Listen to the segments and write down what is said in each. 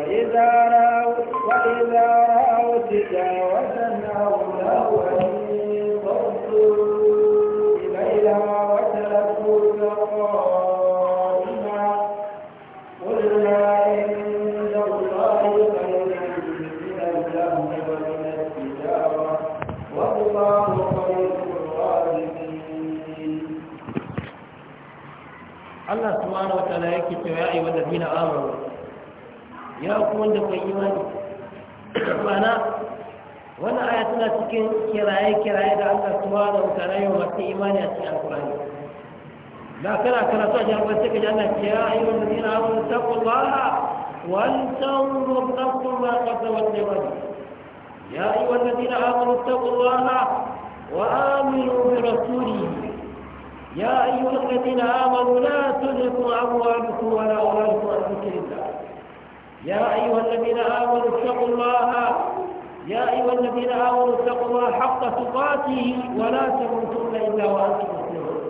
وإذا رأوا وإذا رأوا تجارة أو لهوا انفضوا إليها وتركوك قائما قل ما عند الله خير من اللهو ومن التجارة والله خير الرازقين الله سبحانه وتعالى يكتب يا أيها الذين آمنوا ya ku wanda bai imani mana wannan aya tana cikin kiraye-kiraye da Allah tuwa da wutara yau masu imani a cikin alkurani da kana kana so a jihar wasu kaji ana ce ya yi wanda zina abin taku ba wancan rufafin ba kasa wanda ba ya yi wanda zina abin taku ba wa aminu bi rasuli يا أيها الذين آمنوا لا تدركوا أموالكم ولا أولادكم عن ذكر الله يا أيها الذين آمنوا اتقوا الله يا أيها الذين آمنوا اتقوا الله حق تقاته ولا تموتن إلا وأنتم مسلمون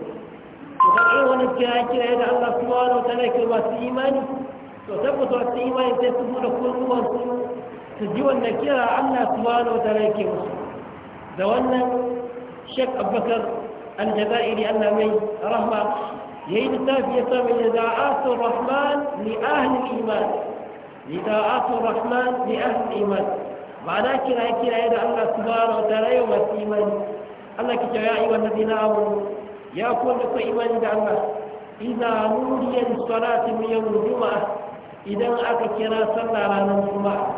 وقد أيوان الجاهل إلى الله سبحانه وتعالى كلمة إيمان وتبت الإيمان تسمون كل وانسوا تجيوا النكيرة الله سبحانه وتعالى كلمة دوانا شك أبو بكر الجزائري أن من رحمة يهيد التافي يسمى جزاءات الرحمن لأهل الإيمان litaatu rahman bi ahli iman ma'ana kira kira da Allah subhanahu wa ta'ala ya wasi iman Allah ki ya ayyuha alladhina amanu ya ku wanda ku iman da Allah idza nudiya lis-salati min yawm al-jum'ah idan aka kira sallah ranar juma'a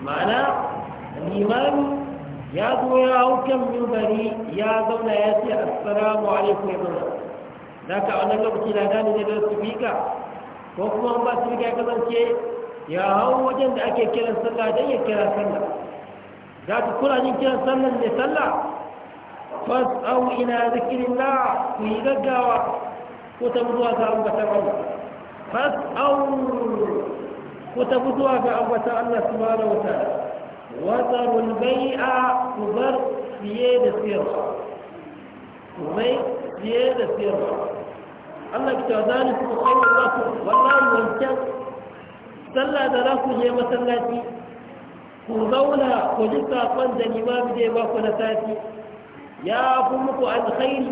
ma'ana iman ya zo ya hau kan ya zauna ya ce assalamu alaikum ibrahim da ka wannan lokaci na gani ne da su ko kuma ba su riga kasance ya hau wajen da ake kiran sallah don ya kira sallah za ku kula jin kiran sallah ne sallah fas au ina zikirillah ku yi gaggawa ko ta zuwa ga ambatan Allah fas'au ko ta zuwa ga ambatan Allah subhanahu wa ta'ala wa zarul bai'a ku bar fiye da siyarwa ku bai fiye da siyarwa Allah ki ta zaliku khairul lakum wallahi wancan sallah da za ku je masallaci ku zauna ku ji saƙon da limami zai ba ku na sati ya fi muku alkhairi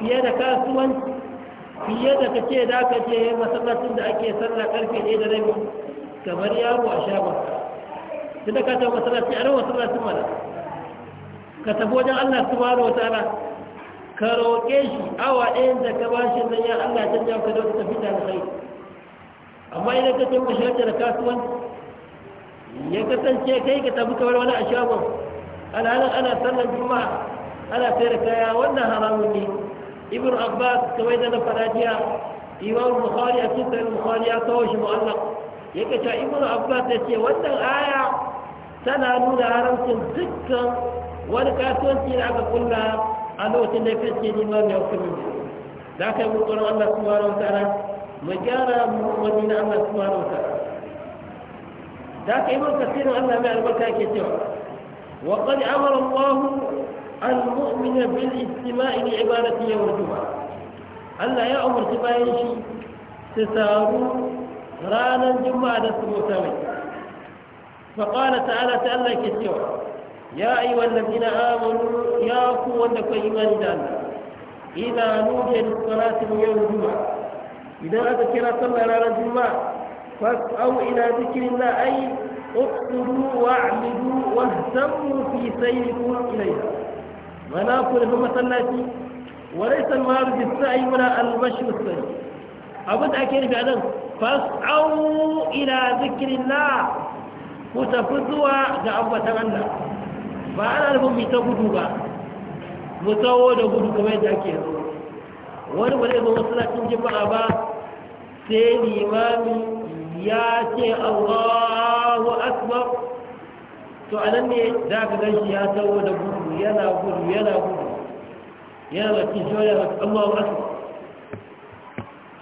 fiye da kasuwanci fiye da ka ce da ka je masallacin da ake sallah karfe ɗaya da rabi kamar yaro a shagon tun da ka taɓa masallaci a ran masallacin mana ka tafi wajen Allah subhanahu wa ta'ala ka roƙe shi awa ɗayan da ka ba shi nan ya Allah ya canja ka da wata tafi da kai amma idan ka tafi shi da kasuwanci ya kasance kai ka tafi kawar wani a shagon alhalin ana sallar juma'a ana sayar kaya wannan haramun ne ibn abbas kamar da na fara jiya imam bukhari a cikin sahih bukhari ya kawo shi mu'allaq Ya cewa ibn abbas ya ce wannan aya tana nuna haramcin dukkan wani kasuwanci da aka kulla a lokacin da ya fice ni ma mai Za ka yi kokarin Allah su subhanahu wataala mu gyara mu wani na Allah subhanahu wataala Za ka yi maka sirrin Allah mai albarka ke cewa wa qad amara Allah an mumina bil istima'i li ibadati yawm al-jum'a Allah ya umarci bayan shi su saru ranar juma'a da su mutane fa qala ta'ala ta'ala ke cewa ya ayi wanda zina amonu ya ku wanda kwa iman dan ina nuke salatin yau juma idan aka kira sallar ranar juma fa au ila zikrin la ay uqdu wa amidu wa hasamu fi sayyikum ilayhi mana ku da kuma sallati wa laysa maru bi sa'i wala al bashr sayyi abin da ake nufi a nan fa au ila zikrin ku tafi zuwa ga ambaton Allah ba ana nufin mu ta gudu ba mu tsawo da gudu kamar yadda ake yanzu wani ba zai zo cin juma'a ba sai limami ya ce allahu akbar to a nan ne za ka gan shi ya tawo da gudu yana gudu yana gudu yana da cikin shoya da allahu akbar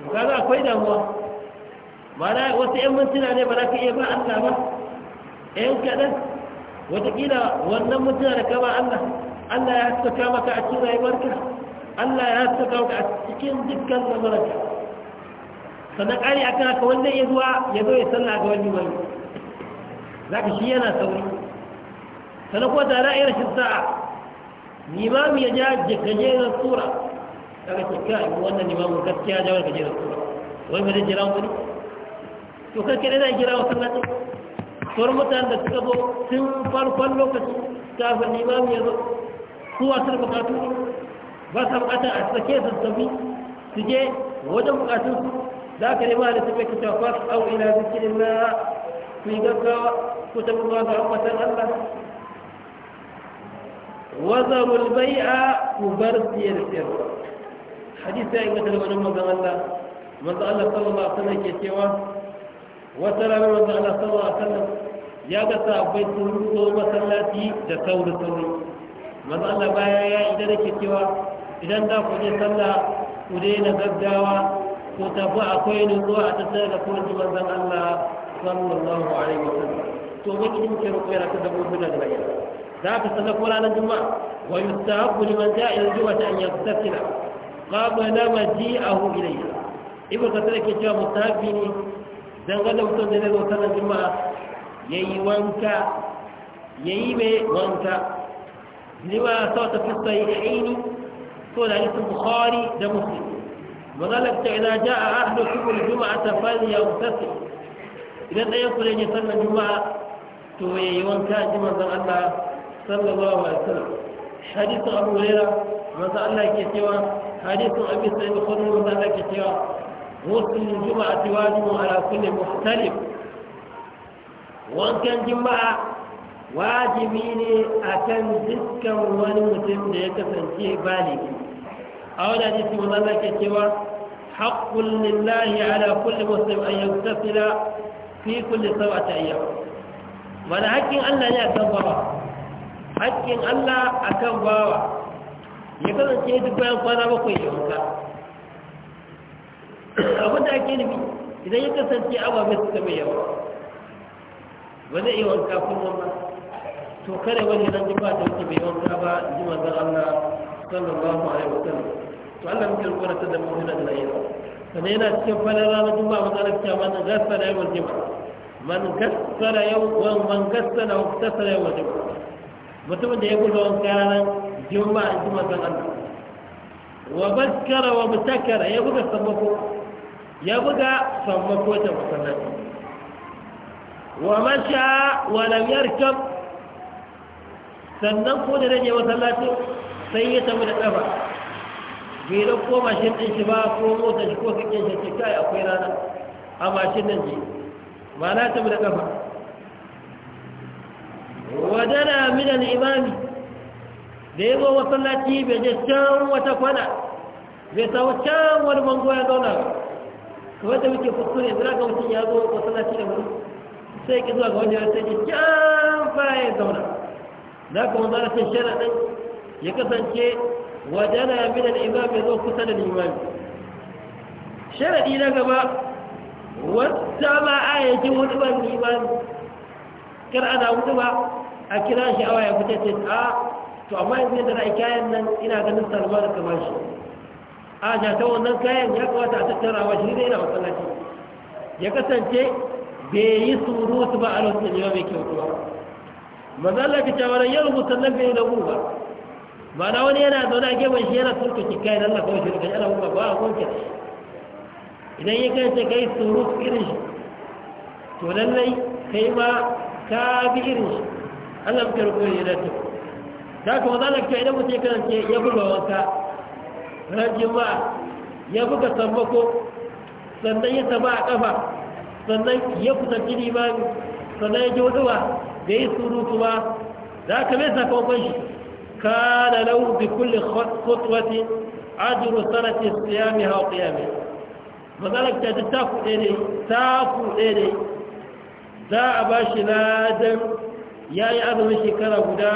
to kaga akwai damuwa ba wasu 'yan mintuna ne ba za ka iya ba allah ba 'yan kaɗan Watakila wannan mutuna da kama Allah Allah ya haskaka maka a cikin rayuwarka Allah ya haskaka maka a cikin dukkan lamuranka sannan ƙari a kan haka wannan ya zuwa ya zo ya salla ga wani wani za ka shi yana sauri sannan kuma tare a yi rashin sa'a limami ya ja gajeren tsura daga cikin wannan limamin gaskiya ya jawar gajeren tsura wani ba zai jira wani to kan kaɗai zai jira wa sallatin sauran mutanen da suka zo sun farkon lokaci kafin imam ya zo su wasu da bukatu ne ba sa bukata a sake zazzabi su je wajen bukatun su za ka nema da tafiya kita fas au ila zikirin na ku yi gaggawa ku tafi ba ga ambatan allah وذروا البيع وبرد يرسل حديث سائل مثل من أمه الله من الله صلى الله عليه وسلم كتوا وترى من الله صلى الله عليه وسلم ya ga sahabbai sun ruso masallaci da sauri sauri manzo baya ya idan da cewa idan za ku je sallah ku na gaggawa ko tafi akwai ko a tattare da kuma manzon Allah sallallahu alaihi wasallam to wani idan ke roƙo yana ta dabo guda da bayan za ka sallah ko ranar juma'a wa yustahabbu liman ja'a ila juma'a an yastasila qabla maji'ahu ilayha ibn kasar ke cewa mustahabbi ne dangane da mutum da zai zo sallar juma'a ya yi wanka ya yi mai wanka lima sau ta fi sahihaini ko da hadisin bukhari da muslim magalar ta ina ja a ahlu kubul juma'a ta fali ya wutasi idan ɗaya kula ya sannan juma'a to ya yi wanka ji manzon allah sallallahu alaihi wasallam hadisin abu hurairah manzon allah ke cewa hadisin abi sa'id khudri manzon allah ke cewa غسل الجمعة واجب على كل مختلف wankan jima'a wajibi ne a kan dukkan wani mutum da ya kasance baligi a wani su wanda za ke cewa haƙƙun lillahi ala kulli muslim an yagtasila fi kulli sab'ati ayyam wani haƙƙin Allah ne akan bawa haƙƙin Allah akan bawa ya kasance duk bayan kwana bakwai ya wanka abin da ake nufi idan ya kasance abu ababe suka mai yawa ba zai iya wanka kullum ba to kada wani nan jifa ta wuce bai wanka ba ji manzon Allah sallallahu alaihi wasallam to Allah muke rubuta ta da mu'mina da yayin sannan yana cikin fadar ranar juma'a manzon ma cewa gasa da yawan jima. man gassara yawan man gassara wa da yawan juma'a mutumin da ya gudu wanka ranar juma'a ji manzon Allah wa baskara wa mutakara ya buga sammako ya buga sammako ta masallaci ومشى ولم يركب sannan ko da rage masallacin sai ya tafi da ƙafa bai da mashin ɗin shi ba ko mota shi ko kake shi ce kai akwai rana a mashin nan ji ba tafi da ƙafa wajana min al-imami da yabo masallaci bai je wata kwana bai samu can wani bango ya ba kamar da muke kuskure zira ga mutum ya zo masallaci da mutum sai ki zuwa ga wani yare sai ki can baya zauna za ka manzo da shara ɗin ya kasance na min da imam ya zo kusa da Shara ɗi na gaba wata ma ayyakin wani ban limami kar ana wuce ba a kira shi awa ya fita ce a to amma yanzu yadda na kayan nan ina ganin salma da kama shi a ta wannan kayan ya kawata a tattara wa shi zai na matsalaci ya kasance bai yi surutu ba a lokacin da mai kyautuwa mazalla ta cewa nan yau musallan bai da ba na wani yana zaune a gefen shi yana ki kai nan lafa shi daga yana ba a gonke shi idan ya kai ce kai surutu irin shi to lallai kai ma ka bi irin shi allah muka rikon yana ta ta kuma zala ta idan mutum ya kasance ya buga wanka rajin ba ya buga sammako sannan ya taba a kafa sannan ya kusanci limani sannan ya ji ba da yi surutu ba za ka mai sakamakon shi ka na lau bi kulle kotuwati ajiru sanatin siyami hau mai matsalar ta ta kuɗe ne ta kuɗe ne za a ba shi ladan ya yi azumin shekara guda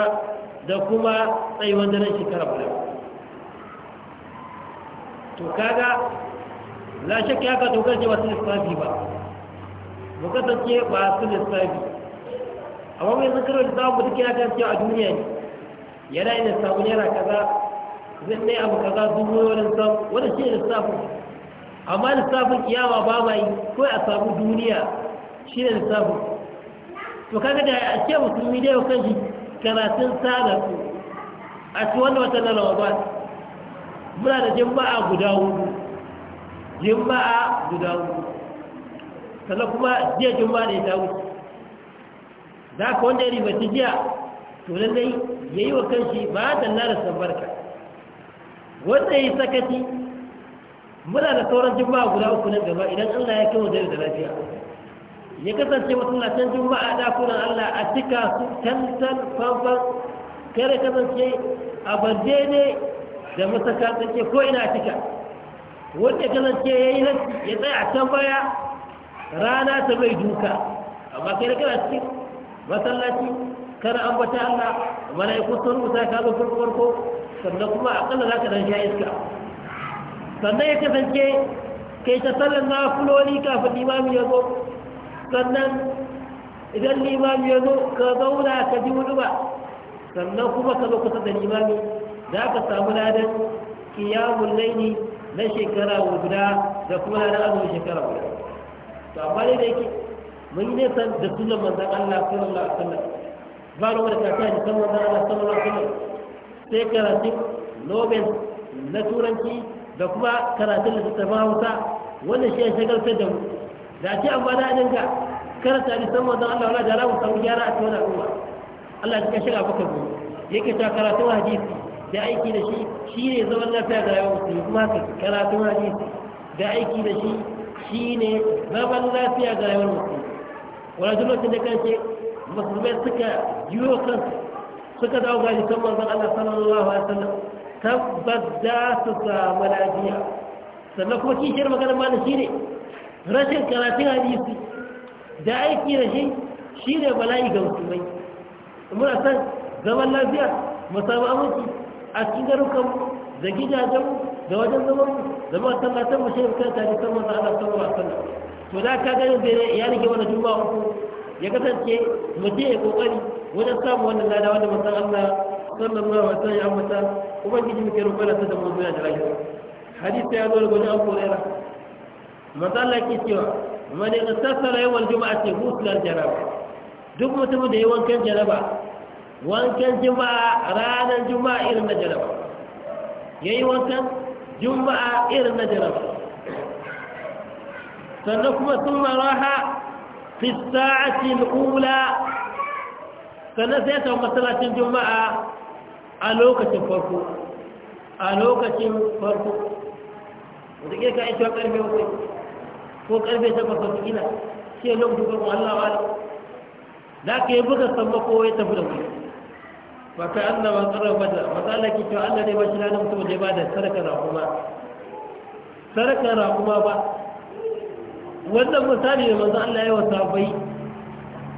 da kuma tsayuwan daren shekara guda to kaga la shakka ya ka dogar ce wasu lissafi ba mu kasance ba su lissafi amma mai zakarar da zamu duk yana kan a duniya ne yana yin lissafin yana kaza zai ne abu kaza dubu wani sabu wani shi ne sabu amma sabu kiyama ba ma yi ko a samu duniya shi ne sabu to kaga da a ce musulmi da yau kan shi karatun sana su a ci wanda wata na ba muna da jimba'a guda hudu jimba'a guda hudu sannan kuma jiya juma'a da ya dawo za ka wanda ya ribaci jiya to dai, ya yi wa kanshi ba da sabarka wanda ya yi sakati muna da sauran juma'a guda uku nan gaba idan allah ya kawo da lafiya ya kasance masallacin juma'a dakunan allah a cika su tantan fanfan kare kasance a bande ne da masaka tsake ko ina cika wanda kasance ya yi ya tsaya a can baya rana ta mai duka amma kai kana cikin masallaci kana ambata Allah mala'iku sun rubuta ka zo farko sannan kuma akalla za ka dan sha iska sannan ya kasance kai ta na fuloni kafin limami ya zo sannan idan limami ya zo ka zauna ka ji wani ba sannan kuma ka zo kusa da limami za ka samu ladan kiyamun laini na shekara guda da kuma ladan azumin shekara guda to amma ne da yake mun yi nesa da sunan manzan Allah sallallahu alaihi wasallam ba ruwa da kaka yi san manzan Allah sallallahu alaihi wasallam sai karatun nobel na turanci da kuma karatun da ta hausa wanda shi ya shagaltar da mu da ce amma da dinga karanta da san manzan Allah wala da rawu samu gyara a cikin al'umma Allah ya shiga ga baka gobe yake ta karatun hadisi da aiki da shi shi ne zaman lafiya da rayuwar musulmi kuma karatun hadisi da aiki da shi shine zaman lafiya ga rayuwar mutum wani duk lokacin da kanke musulmai suka yiwo kansu suka dawo ga kan manzan Allah sallallahu alaihi wasallam tabbas za su samu lafiya sannan kuma kishiyar maganar shi shine rashin karatun hadisi da aiki da shi shine bala'i ga musulmai muna san zaman lafiya mu samu aminci a cikin garukan da gidajen da wajen zaman mu zama ta ta mace ta ta ji sallah da Allah sallallahu alaihi wasallam to da ka ga yanzu ya rike wannan juma'a uku ya kasance mutum ya kokari wajen samun wannan lada wanda manzon Allah sallallahu alaihi wasallam ya ambata ubangiji muke roƙon Allah da mu zuwa da rayuwa hadisi ya zo daga wajen Abu Hurairah manzon Allah ke cewa man juma'a ce juma'ati ghusla janaba duk mutumin da ya wankan janaba wankan juma'a ranar juma'a irin na janaba yayi wankan juma'a irin na jaraba sannan kuma sun maraha fi sa'atin ula sannan sai ta masallacin juma'a a lokacin farko a lokacin farko da ke ka ita karfe wuce ko karfe takwas wasu gina shi lokacin farko allah da ka yi buga sammako ya tafi da wuce mata Allah ba karar bada wata Allah ke cewa Allah ne ba shi na mutum da ya bada sarakar raƙuma sarakar raƙuma ba wannan misali da manzo Allah ya wata bai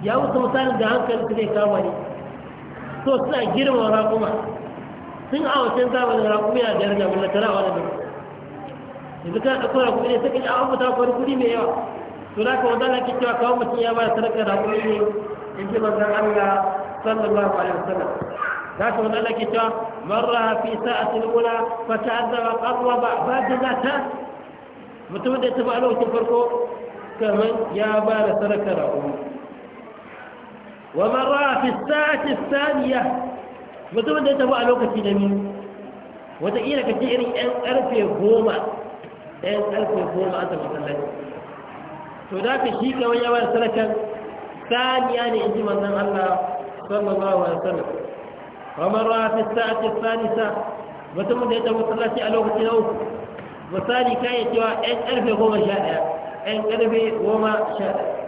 ya wuce misalin da hankali su ne kama ne so suna girma raƙuma sun a wancan zamanin raƙuma ya da yarda wanda tara wani da yanzu kana ɗauko raƙuma ne sai ka ji an fita kwari kuɗi mai yawa to da ka wanda Allah ke cewa kawo mutum ya ba da sadakar raƙuma ne in ji manzon Allah صلى الله عليه وسلم ذاك هنا لكتا مرة في ساعة الأولى فتأذب قرب بادلتا متمدى تفعله تفرقه كمن يا بال سرك رأوه ومرة في الساعة الثانية متمدى تفعله كتنمين وتأيينا كتيري أن ألف غوما أن ألف غوما أنت مصلي فذاك الشيكة ويا بال سرك ثانيا يعني إنت مثلا الله صلى الله عليه وسلم ومن رأى في الساعة الثالثة وتمد إذا وصلت على وقت الأوف وصالي كان يتوى إن ألف غوما شاء إن ألف غوما شاء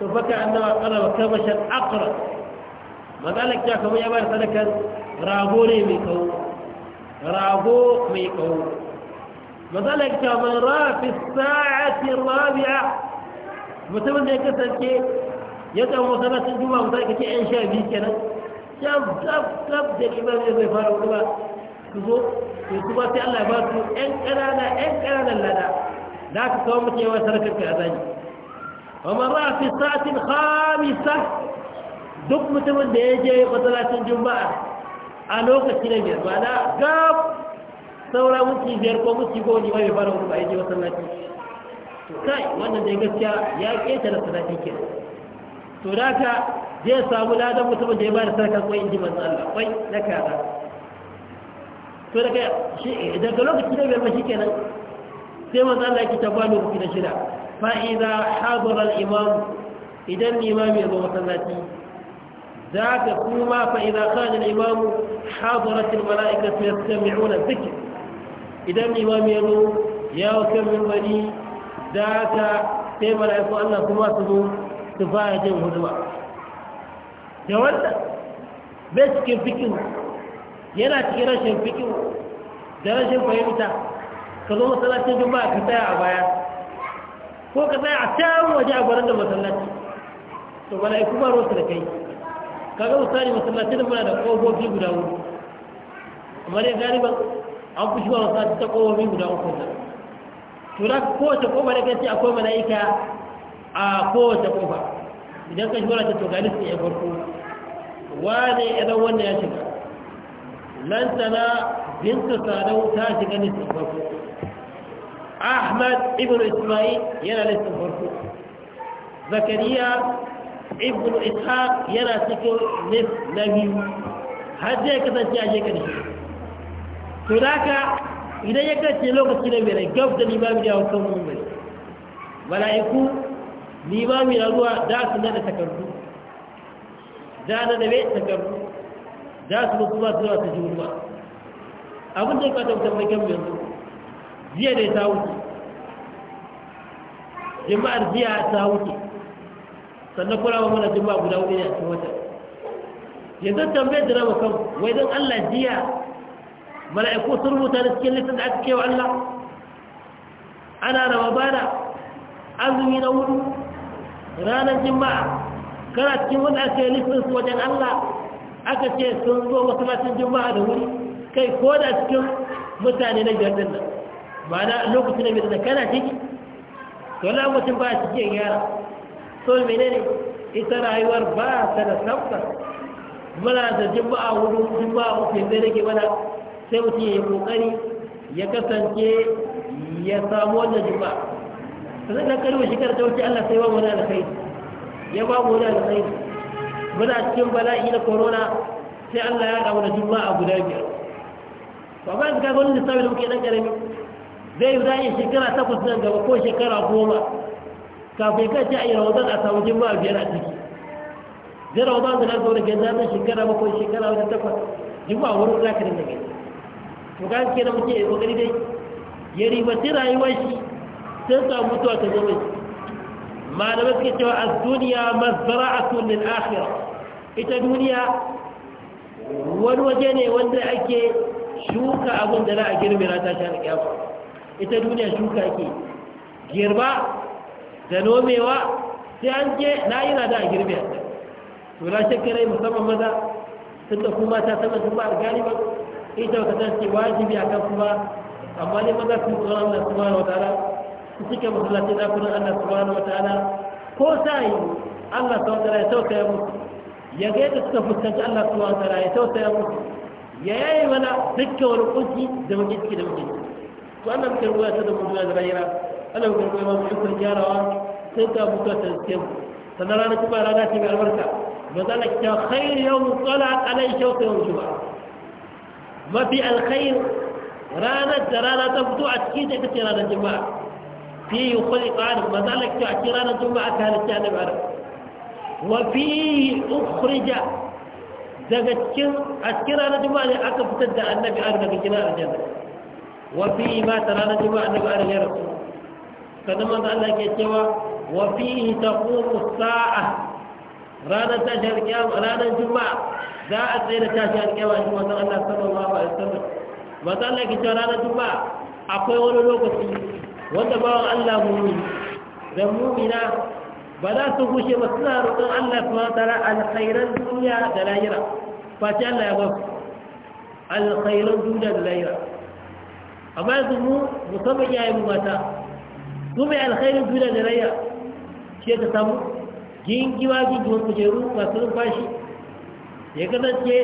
تفكى عندما قال وكما شاء أقرأ ما قالك جاك من يبار صدقا رابو لي ميكو رابو ميكو ما قالك جاك من رأى في الساعة الرابعة وتمد إذا وصلت ya samu masallacin juma'a misali ka ce yan sha biyu kenan shaf shaf shaf da imam ya zai fara wani ba su zo su sai Allah ya ba su yan ƙanana yan ƙananan lada da aka kawo mutum yawan sarakar ka azani amma ba fi sa'atin khamisa duk mutumin da ya je masallacin juma'a a lokaci na biyar ba na gab saura mutum biyar ko mutum goma ne bai fara wani ba ya je masallaci kai wannan da gaskiya ya keta da sadaki kenan to da ka zai samu ladan mutumin da ya bada sarkar kwai in ji manzo Allah kwai na kaza to daga daga lokaci da bai mashi kenan sai manzo Allah ya kita bani lokaci na shida fa idza hadara al imam idan imam ya zo masallaci ذاك كما فإذا خرج الإمام حاضرت الملائكة يستمعون idan إذا الإمام يقول يا كم من ولي ذاك تيمر عفو kuma su تقول su baya jin huduba da wanda bai cikin fikin yana cikin rashin fikin da rashin fahimta ka zo masallacin juma'a ka tsaya a baya ko ka tsaya a can waje a gwanar da masallaci to bala iku ba rosu da kai kaga misali masallacin muna da ƙofofi guda hudu amma dai galiban an fi shiwa masallaci ta ƙofofi guda uku da to da kowace ƙofa da kai akwai mala'ika a kowace kofa idan ka shura ta togani su ya farko wane idan wanda ya shiga lantana binta sadau ta shiga nisan farko ahmad ibn ismail yana nisan farko zakariya ibn ishaq yana cikin nis na biyu har zai kasance a shekar shi to daga idan ya kace lokaci na biyar gaf da limami da haukan mummari mala'iku limami na ruwa za su nada takardu za na da mai takardu za su kuma zuwa ta ji ruwa abin da ya kwata wutar mai yanzu jiya ya ta wuce jima'ar jiya ta wuce sannan kura ba mana jima'a guda wuce ne a cikin wata yanzu tambayar da rama kan wai don allah jiya mala'iku sun rubuta da cikin lissan da aka kewa allah ana bada azumi na hudu ranar jima'a kana cikin wanda aka yi listin su wajen Allah aka ce sun zo masallacin jima'a da wuri kai ko da cikin mutane na biyar dinna ba na lokacin da mai da kana ciki to na mutum ba ciki ya gyara so ne ita rayuwar ba ta da sabta muna da jima'a wuri jima'a uku zai rage mana sai mutum ya yi kokari ya kasance ya samu wannan jima'a sai na karbe shekar ta wuce Allah sai ba mu da alkhairi ya ba mu da alkhairi muna cikin bala'i na corona sai Allah ya kawo da a guda biyar to ba ga gani da sabbin muke dan karami zai yi zai shekara ta kusa gaba ko shekara goma kafin ka ci a yi rawatan a samu juma'a biyar a ciki zai rawatan da zo da gaza na shekara bakwai shekara wata takwas juma wurin zakarin da gani to ga kenan muke kokari dai ya ribaci rayuwar shi sai ta mutuwa ta zama malamai suke cewa a duniya mazara'atun lil akhirah ita duniya wani waje ne wanda ake shuka abin da za a girbe na tashi har kiyama ita duniya shuka ake girba da nomewa sai an je na yi na da a girbe to na shakkarai musamman maza sun da kuma ta sama sun ba a galiba ita wata ta ce wajibi a kan kuma amma ne maza sun tsoron da su na wata su suke masallaci dakunan Allah subhanahu wa ta'ala ko sai Allah subhanahu wataala ya tausaya musu ya ga yadda suka fuskanci Allah subhanahu wataala ya tausaya musu ya yayi mana dukkan wani kunci da muke ciki da muke ciki to Allah muke ruwa ta da mu da rayuwa Allah muke ruwa mu shukr gyarawa sai ta mutu ta tsike mu sannan ranar kuma rana ce mai albarka ba za na kyau khairu yau mutsala alai kyau yau juma'a mafi alkhair ranar da rana ta fito a cikin ta ita ce ranar juma'a fihi khuliqa adam maza Allah a kira ranar juma'a aka halitta annabi adam wa fihi ukhrija daga cikin a cikin ranar juma'a ne aka fitar da annabi daga gidan aljanna wa fihi ma ranar juma'a annabi ya rasu sannan maza Allah ke cewa wa fihi taqumu sa'a ranar tashi alƙiyama ranar juma'a za a tsaye da Allah ranar juma'a akwai wani lokaci wanda bawan Allah mumini da mumina ba za su gushe ba suna roƙon Allah su tara alkhairan duniya da layira. face Allah ya ba su alkhairan duniya da layira. amma yanzu mu musamman yayin mu mata su mai alkhairin duniya da layira. shi ta samu gingiwa gingiwar kujeru masu numfashi ya kasance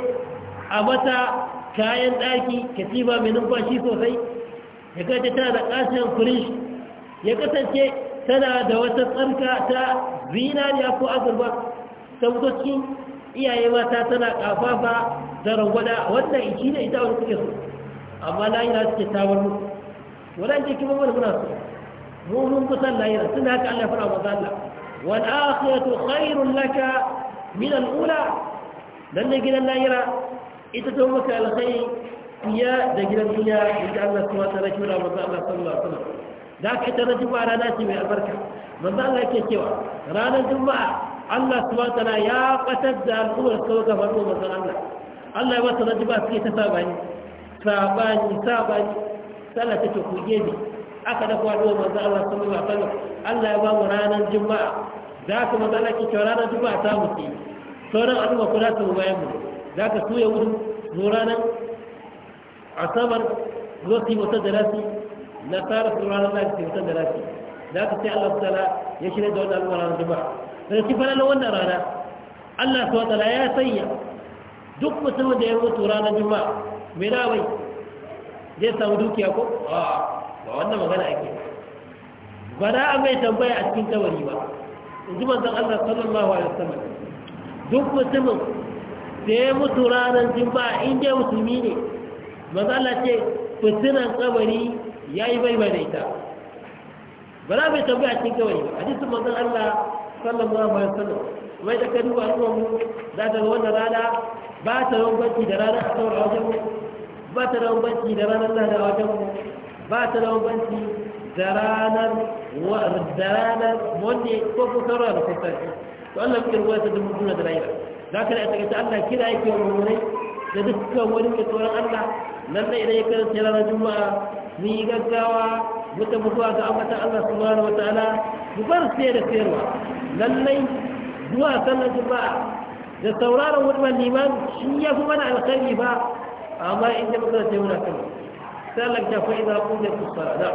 a mata kayan ɗaki katifa mai numfashi sosai ya kace tana da ƙasiyar furish ya kasance tana da wata tsarka ta zinariya ko azurba ta fito cikin iyaye mata tana ƙafafa da rangwada wannan shi ne ita wani suke so amma layira suke tawar mu wadannan kuma wani muna so mu mun kusan layira tun haka Allah fara wa zalla wal akhiratu khairun laka min al ula dan gidan layira ita ta maka alkhairi iya da gidan iya da Allah kuma ta rake da manzo Allah sallallahu alaihi wasallam da ka ta rake ba rana ce mai albarka manzo Allah yake cewa ranar juma'a Allah subhanahu wa ta'ala ya fatar da al'ummar sau ga farko manzo Allah Allah ya wata rake ba suke ta sabani sabani sabani sallah ta ku gebe aka da kwado manzo Allah sallallahu alaihi wasallam Allah ya ba mu ranar juma'a da ka manzo Allah yake cewa ranar juma'a ta mutu sauran al'umma kuma su bayan mu da ka su ya wurin mu ranar asabar zo su yi wata da nasi nasara su ranar lafi su yi wata da nasi za ka sai allah ta'ala ya shirya da wani al'umma ranar juma'a shi cikin ranar wannan rana allah su ta'ala ya sanya duk musamman da ya mutu ranar juma'a mai rawai zai samu dukiya ko ba wannan magana ake ba da a mai tambaya a cikin kabari ba in ji manzan allah sallallahu alaihi wasallam duk musamman da ya mutu ranar juma'a in musulmi ne Allah ce fitinan kabari ya yi bai bai ita ba za mai tambaya cikin kawai ba a jisun mazan allah sallallahu alaihi wasallam mai da kadu a ruwan mu za ta da rana ba ta rawan banki da ranar asawar a wajen mu ba ta rawan banki da ranar lahada a wajen mu ba ta rawan banki da ranar da ranar wanda ko kusa rawa da kusa to allah kuke ruwa ta dubu juna da rayuwa za ka da a tsakaita allah kira yake wa mummunai da dukkan wani mai tsoron allah nan da idan ya karanta ranar juma'a mun yi gaggawa muka mutuwa ga ambatan Allah subhanahu wataala mu bar sai da sayarwa lallai zuwa sallar juma'a da sauraron wannan liman shi ya fi mana alkhairi ba amma in da muka sai muna kan sallar ta fa idza qulna tusara da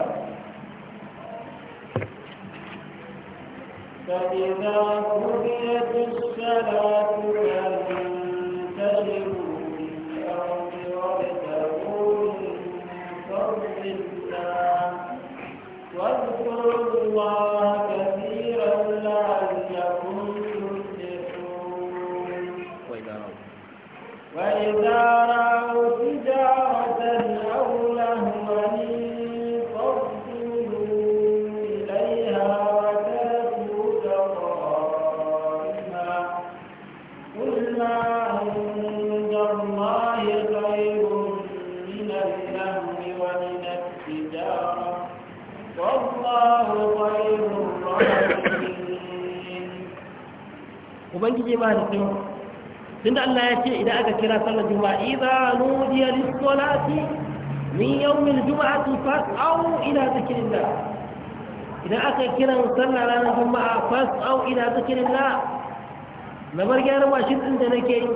فإذا قضيت الصلاة فلا وإذا رأوا تجارة أو لهوا انفضوا إليها وتركوك قائما قل ما عند الله خير من اللهو ومن التجارة والله خير الراحمين وبنجي ما نسمع tunda Allah ya ce idan aka kira sallar juma'a idza nudiya lis-salati min yawmil juma'ati fas'au ila zikrillah idan aka kira sallar ranar juma'a fas'au ila zikrillah na bar gyaran mashin din da nake yi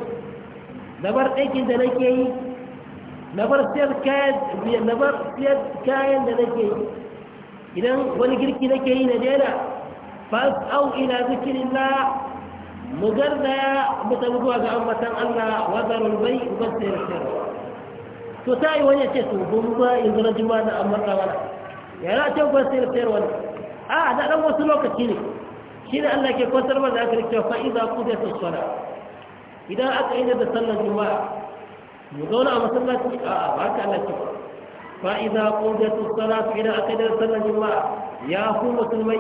na bar aikin da nake yi na bar siyar kayan na bar siyar kayan da nake yi idan wani girki nake yi na daina fas'au ila zikrillah mu garzaya mu tafi zuwa ga ambatan Allah wa zarul bai ubar sayar sayar to ta yi wani ce to gobe ba yanzu na juma da amman rawana yana ce ubar sayar sayar wani a da dan wasu lokaci ne shi ne Allah ke kwantar mana da aka rike fa iza kuda ta sura idan aka yi da sallar juma'a mu zauna a masallaci a ba ka Allah ce فإذا قضيت الصلاة إلى أكد صلى الجماعة يا أخو مسلمي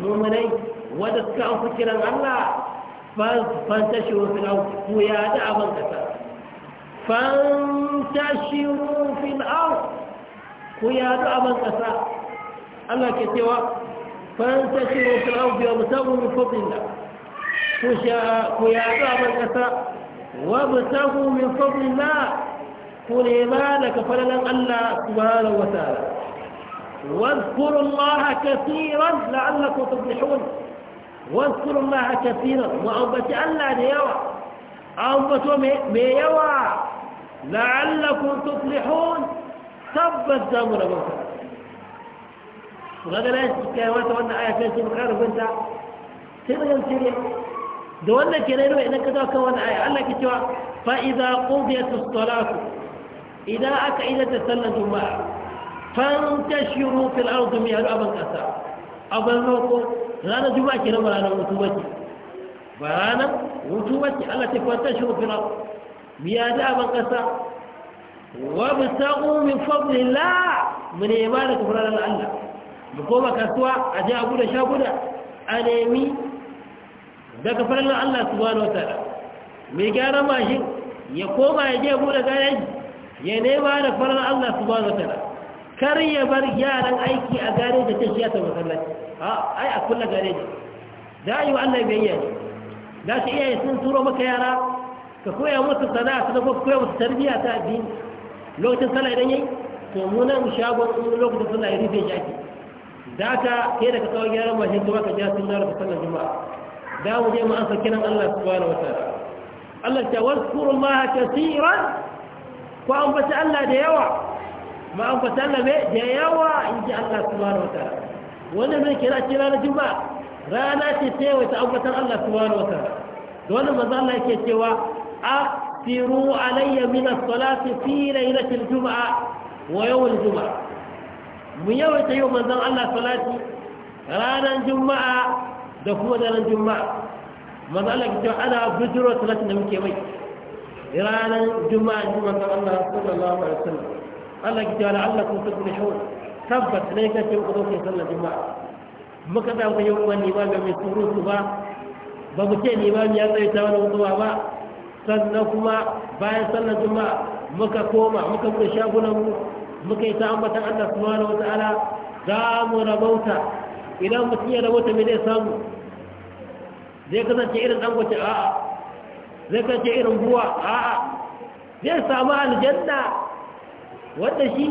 مؤمني ودسك kiran Allah. فانتشروا في الأرض ويا من الزكاة فانتشروا في الأرض ويادع من الزكاة الله كتوى فانتشروا في الأرض وابتغوا من فضل الله ويا من الزكاة وابتغوا من فضل الله قل لك فلن الله سبحانه وتعالى واذكروا الله كثيرا لعلكم تفلحون واذكروا الله كثيرا وأنبت الله ليوى أنبتوا ميوى لعلكم تفلحون ثبت دامنا موتا وغدا لا يستكي واتا وانا آية فيها سيبك عارف انت سيبك سيبك da wannan ke nuna idan ka zaka wani aya Allah ke cewa fa idza qudiyat as idan aka idza ta sallar juma'a fantashiru fil ardi min al abin ƙasa. abin roko ranar juma'a kenan ba ranar hutu bace ba ranar hutu bace Allah ta kwanta shi ofira biya da abin kasa wa bisaqu min fadlillah mun ba da kufran Allah mu koma kasuwa a je a guda sha guda a nemi daga farallin Allah subhanahu wa ta'ala mai gyara mashin ya koma ya je guda gareji ya nema da farallin Allah subhanahu wa ta'ala kar ya bar yaran aiki a da ta shi ya ta masallaci a ai a kulla gareji za a yi wa Allah biyayya ne za su iyaye sun turo maka yara ka koya musu sana'a su dafa koya musu tarbiyya ta addini lokacin sallah idan yayi to mu nan shagon lokacin sallah ya rufe shi ake da ka kai da ka kawo gyaran mashin kuma ka ja sun yara da sallar juma'a da mu je mu ansa kiran Allah subhanahu wataala Allah ta wasu kurullaha kasiran ko an bata Allah da yawa ma'aukatan labe da yawa in ji Allah subhanahu wa wannan mai kira ce ranar juma'a rana ce ta yawaita ambatan Allah subhanahu wa ta'ala da wannan manzo Allah yake cewa afiru alayya min as-salati fi lailatil juma'a wa yawmil juma'a mu yawaita yau manzon Allah salati ranar juma'a da kuma daren juma'a manzo Allah yake cewa ana bujuro salatin da muke mai ranar juma'a ji manzon Allah sallallahu alaihi wasallam Allah ki jawa la'allakum tuflihun tabbas ne kace ku zo kai sallar juma'a muka da ku yau wani ba ga mai surutu ba ba mu ce limami ya tsaye ta wani hutuwa ba sannan kuma bayan sallar juma'a muka koma muka bude shagunan mu muka yi ta ambatan Allah subhanahu wataala za mu rabauta idan mu ya rabauta me zai samu zai kasance irin dangote a'a zai kasance irin buwa a'a zai samu aljanna wanda shi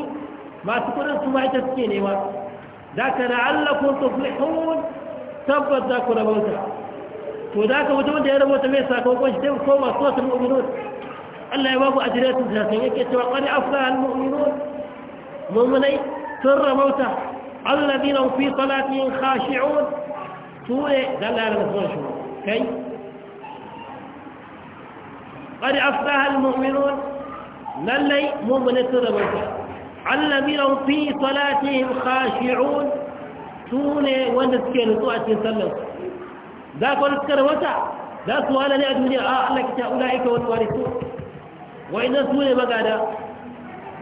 masu kudin su ma ita suke nema za ka la'allakun tuflihun tabbas za ku rabauta to da ka wuce wanda ya rabauta mai sakamakon shi sai koma su wasu mu'minun Allah ya babu adiresin da sun yake cewa qad aflaha al-mu'minun mu'minai sun rabauta alladhina fi salatihim khashi'un sune da Allah ya rabauta shi kai qad aflaha al-mu'minun lallai mummune sun rabarta allazina hum fi salatihim khashi'un sune wanda suke nutsu a cikin sallar da ka wani suka rabauta da su wala ne a duniya a Allah kita ulaika wal warisu wa idan su ne magada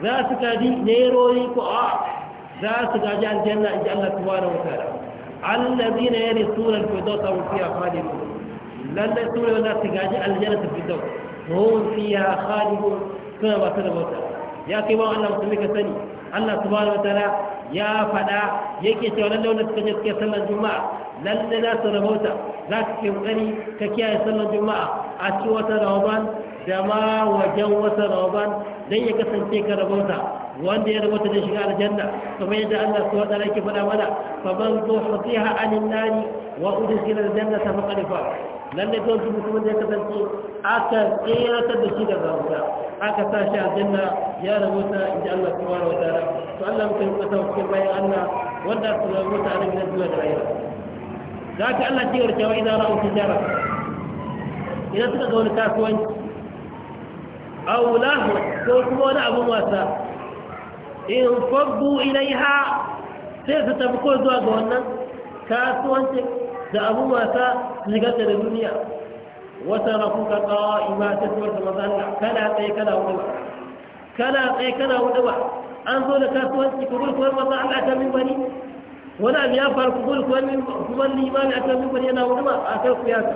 za su gaji nerori ko a za su gaji aljanna in ji Allah su subhanahu wa ta'ala allazina yarisuna al-firdausa hum fiha khalidun lallai su ne wanda su gaji aljanna ta firdausa hum fiha khalidun suna da bauta ya kai ba Allah musulmi ka sani Allah subhanahu wataala ya faɗa yake cewa lalle wanda suka je suke sallar juma'a lalle za su rabauta za su ke kokari ka kiyaye sallar juma'a a cikin wata da ma wajen wata rawaban dan ya kasance ka rabauta wanda ya rabata da shiga aljanna kamar yadda Allah su wada yake faɗa mana fa man zuhziha anin nari wa udkhila aljannata faqad fa lalle don su mutum da kasance aka tsirata da shi daga wuta aka sa shi aljanna ya rabata inda Allah subhanahu wa ta'ala to Allah mutum ya tsaya cikin bayan Allah wanda su rabata a nan zuwa da rayuwa zaka Allah ya yarda wa idan ra'u tijara idan suka ga wani kasuwanci aw lahu ko kuma wani abun wasa in fabbu ilaiha sai su tafi ko zuwa ga wannan kasuwanci da abu wasa shigarta da duniya wata na kuka kawo ima ta tuwar da mazalla kana tsaye kana wuɗa ba kana tsaye kana wuɗa ba an zo da kasuwanci ku gurkuwar mazan Allah ta min bani wani abu ya faru ku gurkuwar kuma limani a kan min bani yana wuɗa ba a kan ku ya ta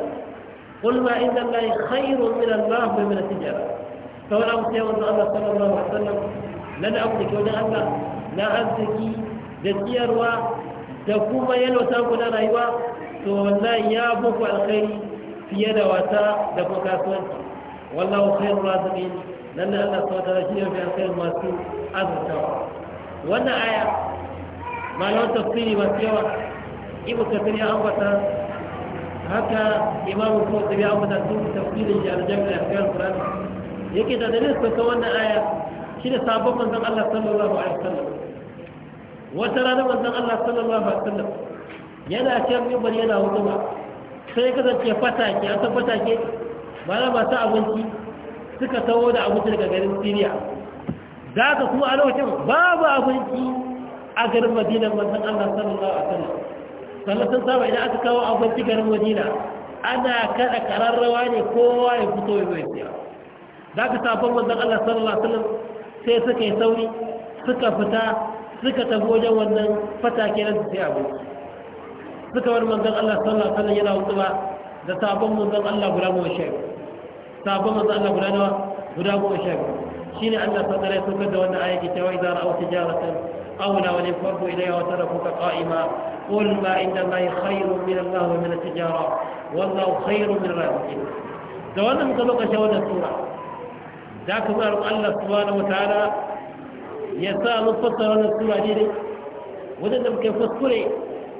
قل ما عند الله خير من الله ومن التجارة فولا مسيح الله صلى الله عليه وسلم na da abu da ke wajen Allah na arziki da tsiyarwa da kuma yalwata ku na rayuwa to wallahi ya buku alkhairi fiye da wata da kuma kasuwanci wallahu khairur raziqin lalle Allah subhanahu wa ta'ala shi ne mai alkhairi masu azurtawa wannan aya malaman tafsiri masu yawa ibu kafir ya ambata haka imamu kuma tabi ambata sun tafsirin shi aljami'ar kan Qur'ani yake da dalilin sauka wannan aya shi da sabon manzon Allah sallallahu alaihi wasallam wata rana manzon Allah sallallahu alaihi wasallam yana ciyar mimbari yana ba. sai kasance fatake a san fatake bayan masu abinci suka taho da abinci daga garin siriya za ka kuma a lokacin babu abinci a garin madina manzan allah sallallahu a sallam sannan sun saba idan aka kawo abinci garin madina ana kada kararrawa ne kowa ya fito ya zai siya za ka sabon manzan allah sallallahu a sallam sai suka yi sauri suka fita suka tafi wajen wannan fata fatake na sai abu suka bar manzon Allah sallallahu alaihi wasallam yana wutuba da sabon manzon Allah guda goma sha sabon manzon Allah guda nawa guda goma sha shine Allah sallallahu alaihi wasallam da wannan ayati ta wa idza ra'aw tijaratan aw la wa yanfadu ilayha wa tarakuka qa'ima qul ma inda ma khayru min Allah wa min at-tijara wallahu khayrun min ar-raziqin da wannan muka lokacin wannan sura da aka muna roƙon Allah subhanahu wataala ya sa mu fassara wannan sura dai wajen da muke fassure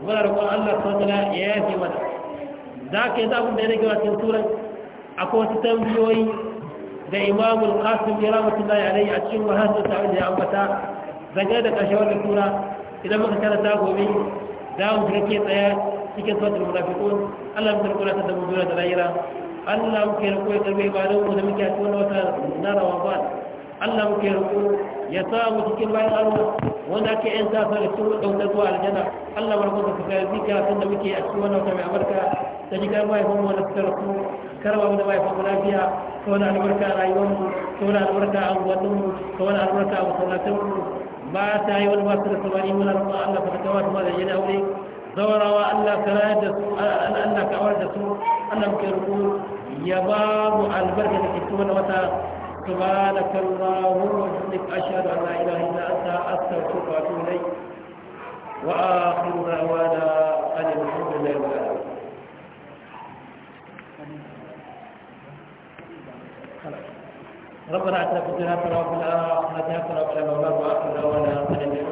muna roƙon Allah subhanahu wataala ya yafe mana da aka yi zaɓin da ya rage wasan suran akwai wasu tambayoyi da imamul qasim ya rahmatullahi alaihi a cikin wahalar da ya ambata zangane da ƙarshen wannan sura idan muka karanta gobe za mu fi rake tsaya cikin sautar munafiqun Allah mu tarkuna ta da mu da lahira Allah muke roƙo ya karbe ibadan mu da muke a cikin wata na Ramadan Allah muke roƙo ya sa mu cikin bayan Allah wanda ake yan sa da su dauka zuwa aljanna Allah barka da kai zika san da muke a cikin wani wata mai albarka ta ji kai mai homo da tsara ku karwa mu da mai fa lafiya ko wani albarka rayuwar mu ko wani albarka a wannan mu ko na albarka a masallatan mu ba ta yi wani masu da samari muna roƙon Allah fa ta kawata ma da yana aure zawarawa Allah ka rayar da su Allah ka awar da su Allah muke roƙo ya ba mu albarka da سبحانك اللهم وبحمدك أشهد أن لا إله إلا أنت أستغفرك وأتوب إليك وآخر دعوانا أن الحمد لله رب العالمين ربنا اتنا في الدنيا حسنه وفي الاخره حسنه وقنا عذاب النار واخر دعوانا ان